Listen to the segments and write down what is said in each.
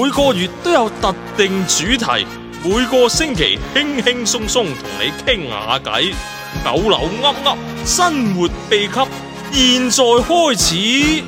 每個月都有特定主題，每個星期輕輕鬆鬆同你傾下偈。 九樓噏噏，生活秘笈，現在開始。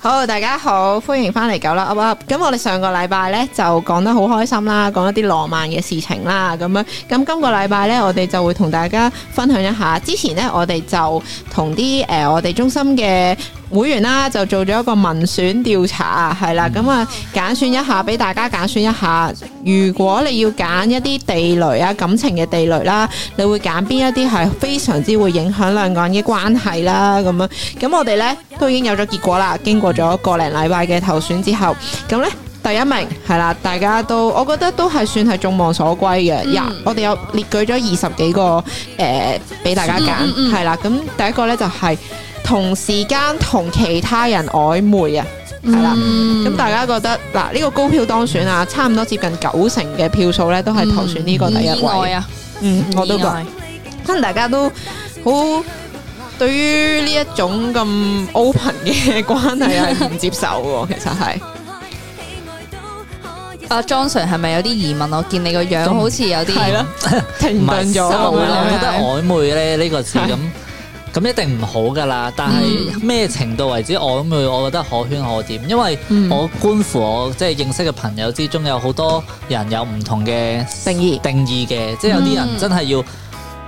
Hello 大家好，歡迎翻嚟九樓噏噏。咁我哋上個禮拜呢，就講得好開心啦，講一啲浪漫嘅事情啦，咁樣。咁今個禮拜呢，我哋就會同大家分享一下。之前呢，我哋就同啲誒，我哋中心嘅。會員啦，就做咗一個民選調查，係啦，咁啊，揀選一下俾大家揀選一下。如果你要揀一啲地雷啊，感情嘅地雷啦，你會揀邊一啲係非常之會影響兩個人嘅關係啦？咁樣，咁我哋呢，都已經有咗結果啦。經過咗個零禮拜嘅投選之後，咁呢第一名係啦，大家都我覺得都係算係眾望所歸嘅。廿、嗯 yeah，我哋有列舉咗二十幾個誒俾、呃、大家揀，係啦、嗯，咁、嗯、第一個呢，就係、是。同時間同其他人曖昧啊，係啦、嗯。咁、嗯、大家覺得嗱呢、呢個高票當選啊，差唔多接近九成嘅票數咧，都係投選呢個第一位。嗯、意外啊！嗯，我都覺可能大家都好對於呢一種咁 open 嘅關係係唔接受嘅，其實係。阿 Johnson 係咪有啲疑問？我見你個樣好似有啲、嗯、停頓咗。我覺得曖昧咧呢個字咁。咁一定唔好㗎喇，但係咩、嗯、程度為止？我咁樣，我覺得可圈可點，因為我觀乎我即係、就是、認識嘅朋友之中，有好多人有唔同嘅定，定義，定義嘅，即係有啲人真係要。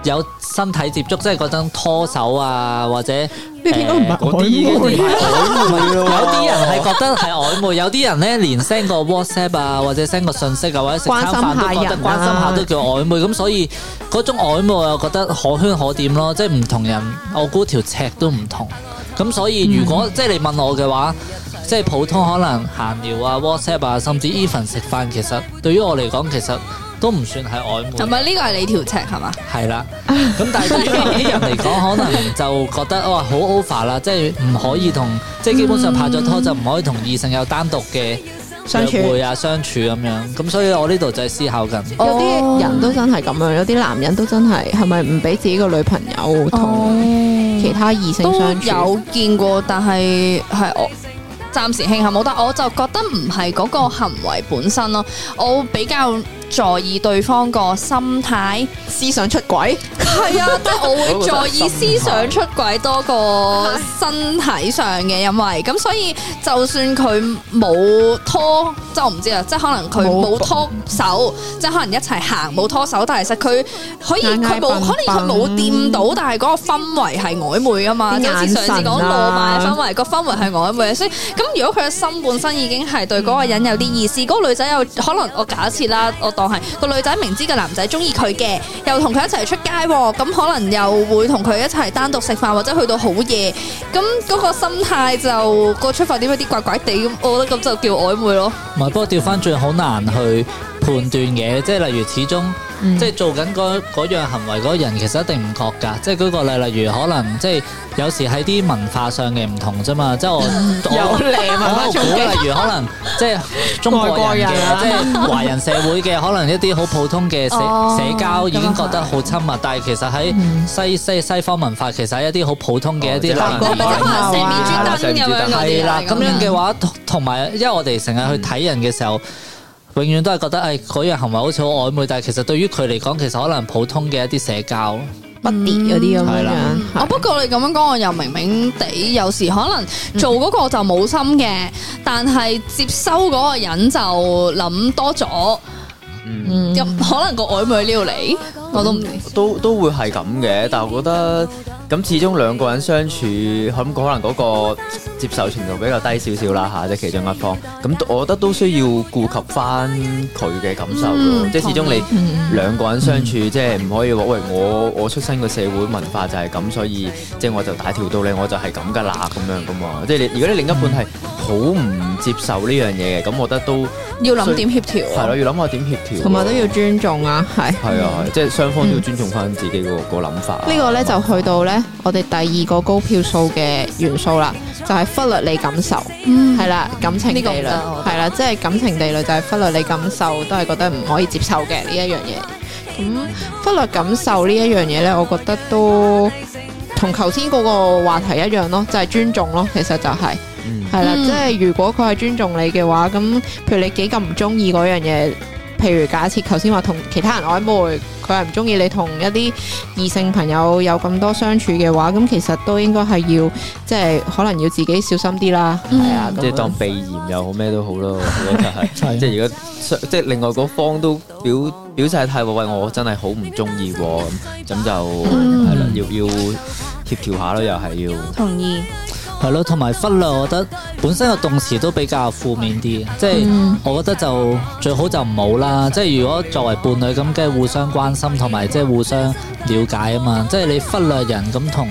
有身體接觸，即係嗰種拖手啊，或者呢啲應該唔係嗰啲，嗰啲係曖昧咯。有啲人係覺得係曖昧，有啲人呢連 send 個 WhatsApp 啊，或者 send 個訊息啊，或者食餐飯都覺得關心下都叫曖昧。咁所以嗰種曖昧，我覺得可圈可點咯。即係唔同人，我估條尺都唔同。咁所以如果即係你問我嘅話，即係普通可能閒聊啊、WhatsApp 啊，甚至 even 食飯，其實對於我嚟講，其實。都唔算係曖昧，同埋呢個係你條尺係嘛？係啦吧，咁 但係對啲人嚟講，可能就覺得哇好、哦、over 啦，即係唔可以同即係基本上拍咗拖就唔可以同異性有單獨嘅相處啊、相處咁樣。咁所以我呢度就係思考緊。哦、有啲人都真係咁樣，有啲男人都真係係咪唔俾自己個女朋友同其他異性相處、哦、都有見過，但係係我暫時慶幸冇得。我就覺得唔係嗰個行為本身咯，我比較。在意對方個心態，思想出軌係 啊，即係我會在意思想出軌多過身體上嘅，因為咁唉所以就算佢冇拖，即係我唔知啊，即係可能佢冇拖手，沒即係可能一齊行冇拖手，但係其實佢可以佢冇， 可能佢冇掂到，但係個氛圍係曖昧啊嘛，啊就好似上次講浪漫嘅氛圍，嗰個氛圍係曖昧嘅，所以咁如果佢嘅心本身已經係對嗰個人有啲意思，嗯、個女仔有可能我假設啦，我。係個女仔明知個男仔中意佢嘅，又同佢一齊出街，咁可能又會同佢一齊單獨食飯或者去到好夜，咁嗰個心態就個出發點有啲怪怪地，咁我覺得咁就叫曖昧咯。唔係，不過調翻轉好難去判斷嘅，即係例如始終。即係做緊嗰樣行為嗰人其實一定唔覺㗎，即係舉個例，例如可能即係有時喺啲文化上嘅唔同啫嘛，即係我我我舉例如可能即係中國人嘅即係華人社會嘅可能一啲好普通嘅社社交已經覺得好親密，但係其實喺西西西方文化其實一啲好普通嘅一啲禮貌行為，係啦，咁樣嘅話同同埋因為我哋成日去睇人嘅時候。永遠都係覺得，誒，嗰樣行為好似好曖昧，但係其實對於佢嚟講，其實可能普通嘅一啲社交，不啲嗰啲咁樣。係啦，不過你咁樣講，我又明明地，有時可能做嗰個就冇心嘅，但係接收嗰個人就諗多咗，嗯，有可能個曖昧撩嚟，我都唔都都會係咁嘅，但係我覺得。咁始終兩個人相處，咁可能嗰個接受程度比較低少少啦嚇，即係其中一方。咁我覺得都需要顧及翻佢嘅感受，即係、嗯、始終你兩個人相處，嗯、即係唔可以話喂，我我出身嘅社會文化就係咁，所以即係我就大條道理，我就係咁㗎啦咁樣㗎嘛。即係你，如果你另一半係。嗯好唔接受呢樣嘢嘅，咁我覺得都要諗點協調，係咯，要諗下點協調，同埋都要尊重啊，係，係啊了，嗯、即係雙方都要尊重翻自己、嗯、個個諗法、啊。呢個呢、嗯、就去到呢，我哋第二個高票數嘅元素啦，就係、是、忽略你感受，係啦、嗯，感情地雷，係啦，即係、就是、感情地雷就係忽略你感受，都係覺得唔可以接受嘅呢一樣嘢。咁、那個、忽略感受呢一樣嘢呢，我覺得都同頭先嗰個話題一樣咯，就係、是、尊重咯，其實就係、是。係啦，嗯、即係如果佢係尊重你嘅話，咁譬如你幾咁唔中意嗰樣嘢，譬如假設頭先話同其他人曖昧，佢係唔中意你同一啲異性朋友有咁多相處嘅話，咁其實都應該係要，即係可能要自己小心啲啦，係啊、嗯這樣，即係當避嫌又好咩都好咯，咁就係，即係如果即係另外嗰方都表表晒態話，喂、哎，我真係好唔中意，咁就係啦、嗯，要要協調下咯，又係要同意。係咯，同埋忽略，我覺得本身個動詞都比較負面啲，即係我覺得就最好就唔好啦。即係如果作為伴侶咁，梗係互相關心同埋即係互相了解啊嘛。即係你忽略人咁，同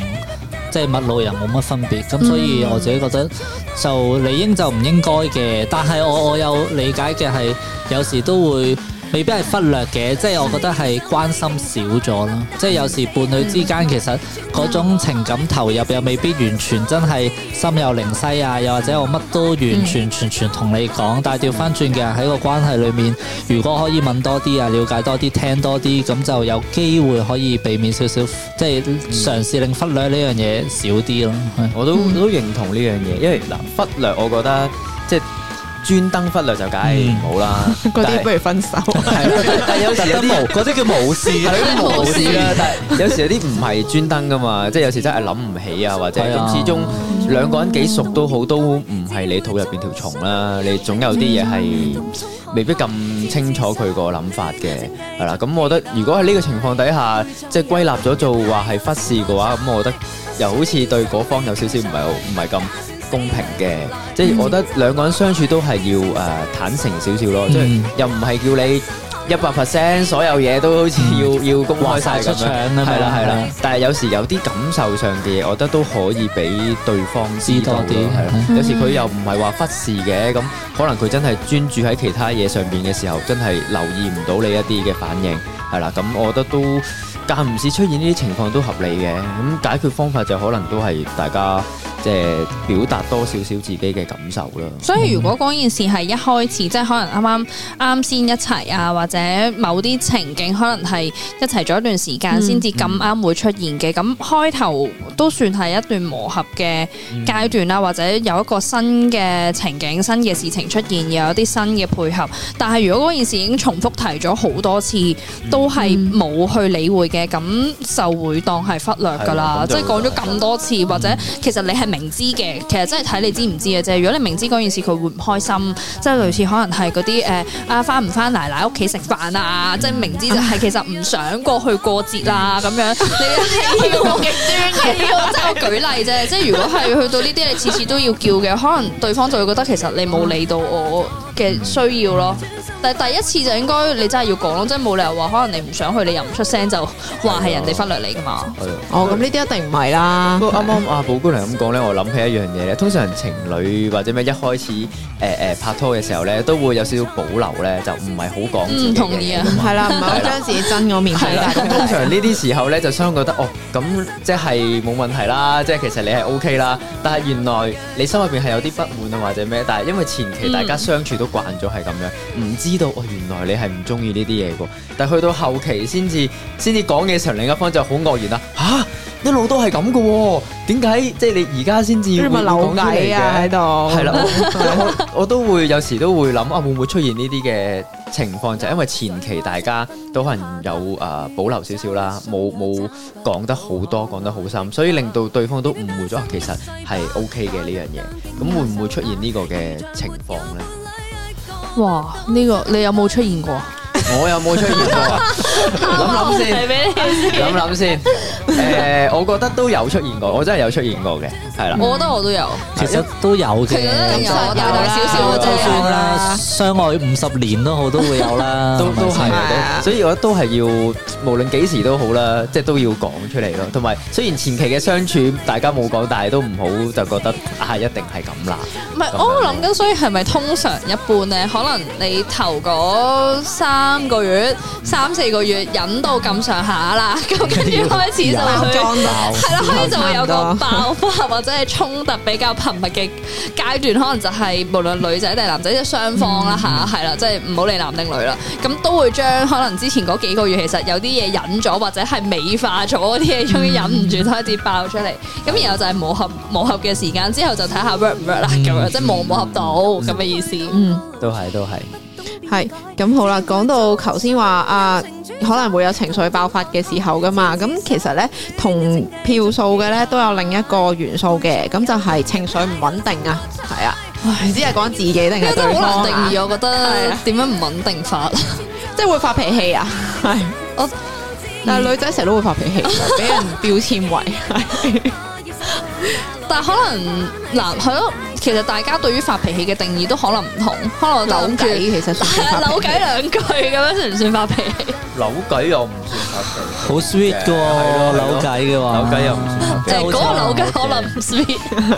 即係陌路人冇乜分別。咁所以我自己覺得就理應就唔應該嘅。但係我我有理解嘅係，有時都會。未必係忽略嘅，即係我覺得係關心少咗咯。即係有時伴侶之間，嗯、其實嗰種情感投入又未必完全真係心有靈犀啊，又或者我乜都完全全全同你講。嗯、但係調翻轉嘅人喺個關係裏面，如果可以問多啲啊，了解多啲，聽多啲，咁就有機會可以避免少少，即係嘗試令忽略呢樣嘢少啲咯。嗯、我都都認同呢樣嘢，因為嗱忽略，我覺得即係。專登忽略就梗係唔好啦，嗰啲不如分手。但係有時有啲無嗰啲叫無事啦，無事啦。但係有時有啲唔係專登㗎嘛，即係有時真係諗唔起啊，或者咁。始終兩個人幾熟都好，都唔係你肚入邊條蟲啦。你總有啲嘢係未必咁清楚佢個諗法嘅，係啦。咁我覺得如果喺呢個情況底下，即係歸納咗做話係忽視嘅話，咁我覺得又好似對嗰方有少少唔係唔係咁，公平嘅，即係我覺得兩個人相處都係要誒、呃、坦誠少少咯，即係、嗯、又唔係叫你一百 percent 所有嘢都好似要、嗯、要公開晒出嚟咁樣，係啦係啦。但係有時有啲感受上嘅嘢，我覺得都可以俾對方知道啲，係啦。的有時佢又唔係話忽視嘅，咁可能佢真係專注喺其他嘢上面嘅時候，真係留意唔到你一啲嘅反應，係啦。咁我覺得都間唔時出現呢啲情況都合理嘅，咁解決方法就可能都係大家。即係表達多少少自己嘅感受啦。所以如果件事係一開始，即係可能啱啱啱先一齊啊，或者某啲情景可能係一齊咗一段時間先至咁啱會出現嘅。咁開頭都算係一段磨合嘅階段啦，嗯、或者有一個新嘅情景、新嘅事情出現，又有啲新嘅配合。但係如果件事已經重複提咗好多次，都係冇去理會嘅，咁就會當係忽略噶啦。嗯嗯、即係講咗咁多次，嗯、或者其實你係。明知嘅，其實真係睇你知唔知嘅啫。如果你明知嗰件事佢會唔開心，即係類似可能係嗰啲誒啊，返唔返奶奶屋企食飯啊？即係明知就係其實唔想過去過節啦、啊、咁樣。你叫我幾鍾？係啊， 即係我舉例啫。即係 如果係去到呢啲，你次次都要叫嘅，可能對方就會覺得其實你冇理到我。嘅需要咯，但係第一次就應該你真係要講咯，即係冇理由話可能你唔想去，你又唔出聲就話係人哋忽略你㗎嘛。哦，咁呢啲一定唔係啦。不過啱啱阿寶姑娘咁講咧，我諗起一樣嘢咧，了通常情侶或者咩一開始誒誒、呃、拍拖嘅時候咧，都會有少少保留咧、哦，就唔係好講。唔同意啊，係啦，唔好將自己真個面俾曬。通常呢啲時候咧，就相覺得哦，咁即係冇問題啦，即係其實你係 OK 啦，但係原來你心入邊係有啲不滿啊或者咩，但係因為前期大家相處。 都慣咗係咁樣，唔知道哦，原來你係唔中意呢啲嘢嘅。但係去到後期先至先至講嘅時候，另一方就好愕然啦。吓、啊，一路都係咁嘅喎，點解即係你而家先至要講嘅嘢嘅？係啦，我我都會有時都會諗啊，會唔會出現呢啲嘅情況？就因為前期大家都可能有誒、呃、保留少少啦，冇冇講得好多，講得好深，所以令到對方都誤會咗、啊，其實係 OK 嘅呢樣嘢。咁會唔會出現呢個嘅情況呢？」哇！呢、這個你有冇出現過？我有冇出現過？諗諗先，諗諗先。誒、欸，我覺得都有出現過，我真係有出現過嘅，係啦。我覺得我都有，其實都有其實，有少少啦，相愛五十年都好，都會有啦， 都都係、啊、所以我覺得都係要，無論幾時都好啦，即係都要講出嚟咯。同埋，雖然前期嘅相處大家冇講，但係都唔好就覺得啊，一定係咁啦。唔係是，我諗緊，所以係咪通常一半咧？可能你頭嗰三個月、三四個月忍到咁上下啦，咁跟住開始。係啦，所就，就會有個爆發 或者係衝突比較頻密嘅階段，可能就係、是、無論女仔定係男仔，即係雙方啦吓，係啦，即係唔好理男定女啦，咁都會將可能之前嗰幾個月其實有啲嘢忍咗，或者係美化咗啲嘢，終於忍唔住開始爆出嚟，咁然後就係磨合磨合嘅時間之後，就睇下 work 唔 work 啦咁樣，即係磨磨合到咁嘅、嗯、意思。嗯，都係都係。都係咁好啦，講到頭先話啊，可能會有情緒爆發嘅時候噶嘛，咁其實呢，同票數嘅呢都有另一個元素嘅，咁就係情緒唔穩定啊，係啊，唔知係講自己定係對方、啊、定義我覺得點是、啊、樣唔穩定法，是啊、 即係會發脾氣啊，係、啊、我、嗯、但係女仔成日都會發脾氣，俾 人標籤為係，但係可能嗱，係咯。其實大家對於發脾氣嘅定義都可能唔同，可能扭計，其實係啊，扭計兩句咁樣算唔算發脾氣？扭計又唔算發脾氣，好 sweet 㗎，扭計嘅話扭計又唔算即係嗰個扭計可能唔 sweet。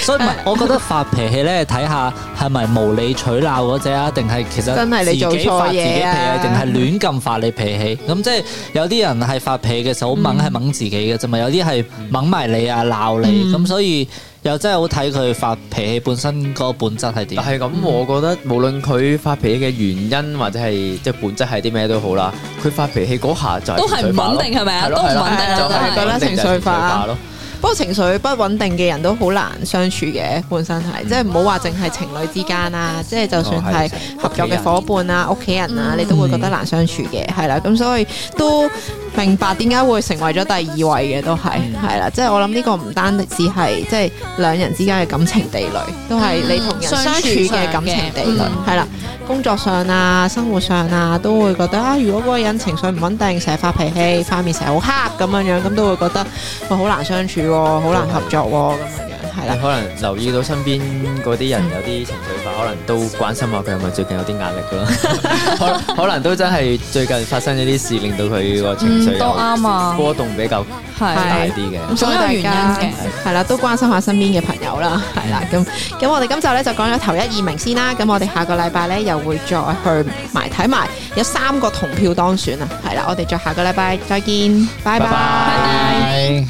所以唔係，我覺得發脾氣咧睇下係咪無理取鬧嗰隻啊，定係其實自己發自己脾氣，定係亂咁發你脾氣？咁即係有啲人係發脾氣嘅時候，掹係掹自己嘅啫嘛，有啲係掹埋你啊，鬧你咁，所以。又真係好睇佢發脾氣本身個本質係點？但係咁，我覺得無論佢發脾氣嘅原因或者係即係本質係啲咩都好啦，佢發脾氣嗰下就係都係唔穩定係咪啊？都唔穩定就係覺得情緒化咯。情緒不過情緒不穩定嘅人都好難相處嘅，本身係、嗯、即係唔好話淨係情侶之間啦，即係、嗯、就算係合作嘅伙伴啦、屋企人啦，嗯、你都會覺得難相處嘅，係啦、嗯。咁所以都明白點解會成為咗第二位嘅，都係係啦。即係、嗯、我諗呢個唔單止係即係兩人之間嘅感情地雷，嗯、都係你同人相處嘅感情地雷，係啦、嗯。工作上啊，生活上啊，都會覺得啊，如果個人情緒唔穩定，成日發脾氣，塊面成日好黑咁樣樣，咁都會覺得我好難相處、啊，好難合作咁、啊。你可能留意到身邊嗰啲人有啲情緒化，可能都關心下佢係咪最近有啲壓力咯。可 可能都真係最近發生咗啲事，令到佢個情緒都啱啊，波動比較大啲嘅。總、嗯、 有原因嘅，係啦對，都關心下身邊嘅朋友啦，係啦。 咁咁，我哋今集咧就講咗頭一二名先啦。咁我哋下個禮拜咧又會再去埋睇埋，有三個同票當選啊。係啦，我哋再下個禮拜再見，拜拜。